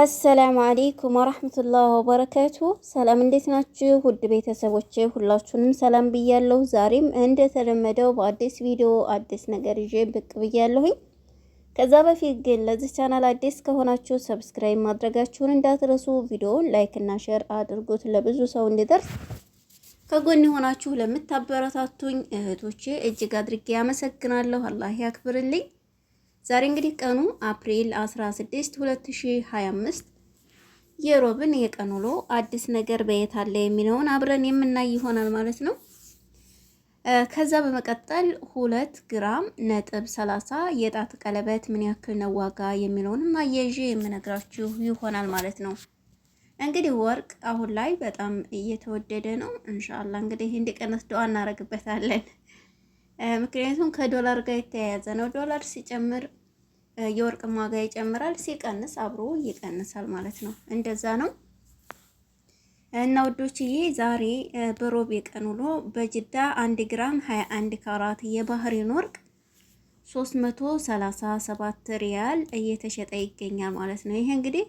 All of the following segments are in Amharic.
አሰላሙ አሌይኩም ወረህመቱላህ ወበረካቱ። ሰላም እንዴት ናችሁ? ውድ ቤተሰቦች ሁላችሁንም ሰላም ብያለሁ። ዛሬም እንደተለመደው በአዲስ ቪዲዮ አዲስ ነገር ይዤ ብቅ ብያለሁኝ። ከዛ በፊት ግን ለዚህ ቻናል አዲስ ከሆናችሁ ሰብስክራይብ ማድረጋችሁን እንዳትረሱ፣ ቪዲዮውን ላይክ እና ሼር አድርጉት ለብዙ ሰው እንዲደርስ። ከጎን የሆናችሁ ለምታበረታቱኝ እህቶቼ እጅግ አድርጌ አመሰግናለሁ። አላህ ያክብርልኝ። ዛሬ እንግዲህ ቀኑ አፕሪል 16 2025 የሮብን የቀን ውሎ አዲስ ነገር በየት አለ የሚለውን አብረን የምናይ ይሆናል ማለት ነው። ከዛ በመቀጠል ሁለት ግራም ነጥብ 30 የጣት ቀለበት ምን ያክል ነው ዋጋ የሚለውንም አያይዤ የምነግራችሁ ይሆናል ማለት ነው። እንግዲህ ወርቅ አሁን ላይ በጣም እየተወደደ ነው። እንሻላ እንግዲህ እንዲቀነስ ዱአ እናደርግበታለን። ምክንያቱም ከዶላር ጋር የተያያዘ ነው። ዶላር ሲጨምር የወርቅ ዋጋ ይጨምራል፣ ሲቀንስ አብሮ ይቀንሳል ማለት ነው። እንደዛ ነው እና ውዶችዬ ዛሬ በሮብ የቀን ውሎ በጅዳ 1 ግራም 21 ካራት የባህሬን ወርቅ 337 ሪያል እየተሸጠ ይገኛል ማለት ነው። ይሄ እንግዲህ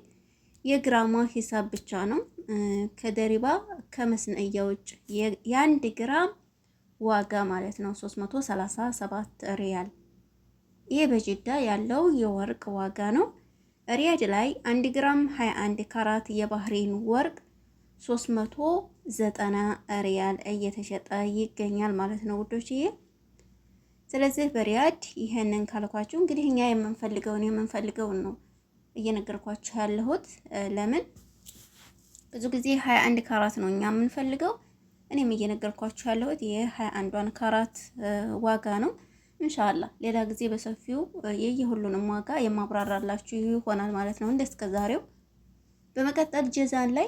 የግራማ ሂሳብ ብቻ ነው። ከደሪባ ከመስነያ ውጭ የአንድ ግራም ዋጋ ማለት ነው 337 ሪያል። ይህ በጅዳ ያለው የወርቅ ዋጋ ነው። ሪያድ ላይ 1 ግራም 21 ካራት የባህሬን ወርቅ 390 ሪያል እየተሸጠ ይገኛል ማለት ነው ውዶችዬ። ስለዚህ በሪያድ ይሄንን ካልኳችሁ እንግዲህ እኛ የምንፈልገውን የምንፈልገውን ነው እየነገርኳችሁ ያለሁት። ለምን ብዙ ጊዜ 21 ካራት ነው እኛ የምንፈልገው እኔም እየነገርኳችሁ ያለሁት የሀያ አንዷን ካራት ዋጋ ነው። እንሻላ ሌላ ጊዜ በሰፊው የየሁሉንም ዋጋ የማብራራላችሁ ይሆናል ማለት ነው እንደ እስከ ዛሬው። በመቀጠል ጀዛን ላይ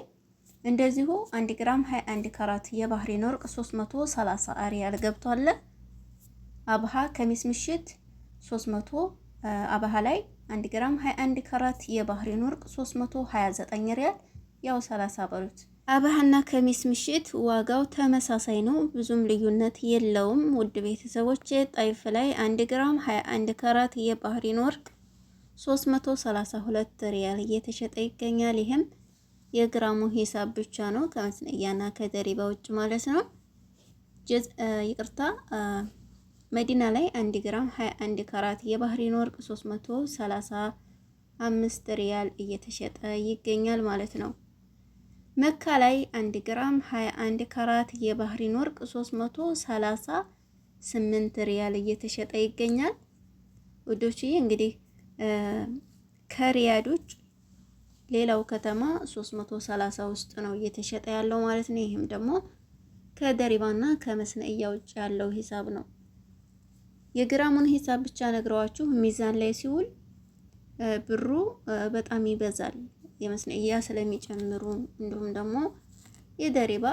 እንደዚሁ 1 ግራም 21 ካራት የባህሬን ወርቅ 330 አሪያል ገብቷል። አብሃ ከሚስ ምሽት 300 አብሃ ላይ 1 ግራም 21 ካራት የባህሬን ወርቅ 329 ሪያል ያው 30 በሉት አብርሃና ከሚስ ምሽት ዋጋው ተመሳሳይ ነው፣ ብዙም ልዩነት የለውም። ውድ ቤተሰቦች ጣይፍ ላይ 1 ግራም 21 ካራት የባህሪን ወርቅ 332 ሪያል እየተሸጠ ይገኛል። ይህም የግራሙ ሂሳብ ብቻ ነው ከመስነያና ከደሪባ ውጭ ማለት ነው። ይቅርታ መዲና ላይ 1 ግራም 21 ካራት የባህሪን ወርቅ 335 ሪያል እየተሸጠ ይገኛል ማለት ነው። መካ ላይ 1 ግራም 21 ካራት የባህሪን ወርቅ 338 ሪያል እየተሸጠ ይገኛል። ውዶችዬ እንግዲህ ከሪያዶች ሌላው ከተማ 330 ውስጥ ነው እየተሸጠ ያለው ማለት ነው። ይህም ደግሞ ከደሪባና ከመስነእያ ውጭ ያለው ሂሳብ ነው። የግራሙን ሂሳብ ብቻ ነግረዋችሁ ሚዛን ላይ ሲውል ብሩ በጣም ይበዛል። የመስነያ ስለሚጨምሩ እንዲሁም ደግሞ የደሪባ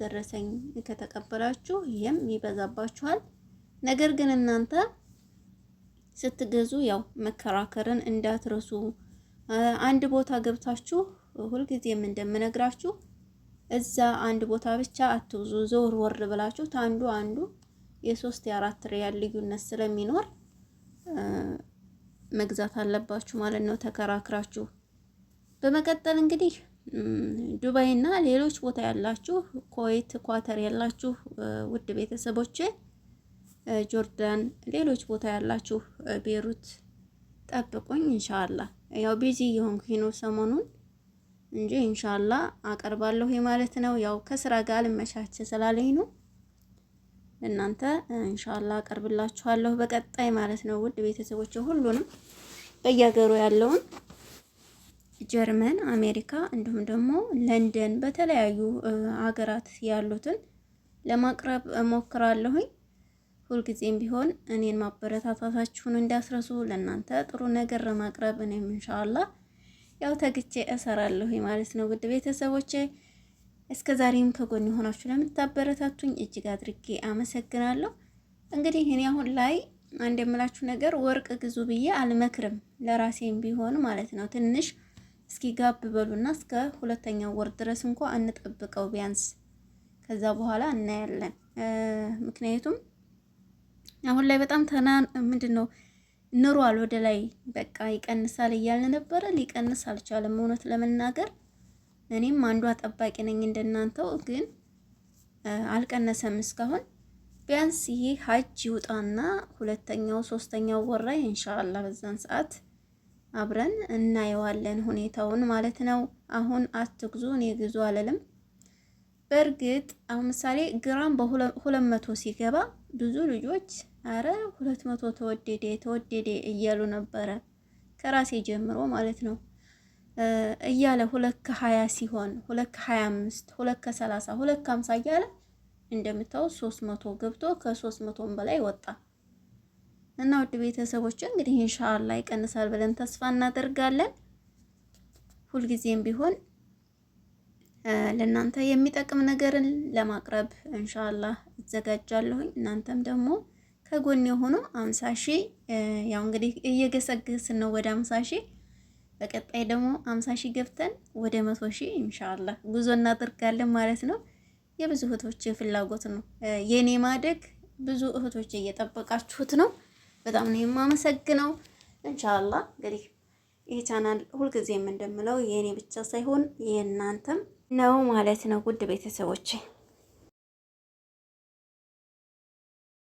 ደረሰኝ ከተቀበላችሁ ይህም ይበዛባችኋል። ነገር ግን እናንተ ስትገዙ ያው መከራከርን እንዳትረሱ። አንድ ቦታ ገብታችሁ ሁልጊዜም እንደምነግራችሁ እዛ አንድ ቦታ ብቻ አትውዙ። ዘወር ወር ብላችሁ ታንዱ አንዱ የሶስት የአራት ሪያል ልዩነት ስለሚኖር መግዛት አለባችሁ ማለት ነው ተከራክራችሁ በመቀጠል እንግዲህ ዱባይ እና ሌሎች ቦታ ያላችሁ ኮይት፣ ኳተር ያላችሁ ውድ ቤተሰቦች፣ ጆርዳን፣ ሌሎች ቦታ ያላችሁ ቤሩት ጠብቁኝ። እንሻላ ያው ቢዚ የሆንኩኝ ነው ሰሞኑን እንጂ እንሻላ አቀርባለሁ ማለት ነው። ያው ከስራ ጋር ልመቻቸ ስላለኝ ነው። እናንተ እንሻላ አቀርብላችኋለሁ በቀጣይ ማለት ነው። ውድ ቤተሰቦች ሁሉንም በየሀገሩ ያለውን ጀርመን፣ አሜሪካ እንዲሁም ደግሞ ለንደን በተለያዩ ሀገራት ያሉትን ለማቅረብ እሞክራለሁኝ። ሁልጊዜም ቢሆን እኔን ማበረታታታችሁን እንዳስረሱ ለእናንተ ጥሩ ነገር ለማቅረብ እኔም እንሻላ ያው ተግቼ እሰራለሁኝ ማለት ነው። ውድ ቤተሰቦቼ እስከ ዛሬም ከጎን የሆናችሁ ለምታበረታቱኝ እጅግ አድርጌ አመሰግናለሁ። እንግዲህ እኔ አሁን ላይ አንድ የምላችሁ ነገር ወርቅ ግዙ ብዬ አልመክርም፣ ለራሴም ቢሆን ማለት ነው ትንሽ እስኪ ጋብ በሉና እስከ ሁለተኛው ወር ድረስ እንኳ እንጠብቀው ቢያንስ ከዛ በኋላ እናያለን። ምክንያቱም አሁን ላይ በጣም ተና ምንድን ነው ኑሯል ወደ ላይ በቃ ይቀንሳል እያልን ነበረ። ሊቀንስ አልቻለም። እውነት ለመናገር እኔም አንዷ ጠባቂ ነኝ እንደናንተው፣ ግን አልቀነሰም እስካሁን። ቢያንስ ይሄ ሀጅ ይውጣና ሁለተኛው ሶስተኛው ወር ላይ በዛን ሰዓት አብረን እናየዋለን ሁኔታውን ማለት ነው። አሁን አትግዙ እኔ ግዙ አለልም። በእርግጥ አሁን ምሳሌ ግራም በሁለት መቶ ሲገባ ብዙ ልጆች አረ ሁለት መቶ ተወደደ ተወደደ እያሉ ነበረ ከራሴ ጀምሮ ማለት ነው እያለ ሁለት ከሀያ ሲሆን ሁለት ከሀያ አምስት ሁለት ከሰላሳ ሁለት ከሀምሳ እያለ እንደምታዩት ሶስት መቶ ገብቶ ከሶስት መቶም በላይ ወጣ። እና ውድ ቤተሰቦች እንግዲህ ኢንሻአላህ ይቀንሳል ብለን ተስፋ እናደርጋለን። ሁልጊዜም ቢሆን ለእናንተ የሚጠቅም ነገርን ለማቅረብ ኢንሻአላህ እዘጋጃለሁኝ። እናንተም ደግሞ ከጎን የሆኑ አምሳ ሺህ ያው እንግዲህ እየገሰገስን ነው ወደ አምሳ ሺህ በቀጣይ ደግሞ አምሳ ሺህ ገብተን ወደ መቶ ሺህ ኢንሻአላህ ጉዞ እናደርጋለን ማለት ነው። የብዙ እህቶች ፍላጎት ነው የኔ ማደግ። ብዙ እህቶች እየጠበቃችሁት ነው። በጣም ነው የማመሰግነው። እንሻላ እንግዲህ ይህ ቻናል ሁልጊዜም እንደምለው የእኔ ብቻ ሳይሆን የእናንተም ነው ማለት ነው ውድ ቤተሰቦቼ።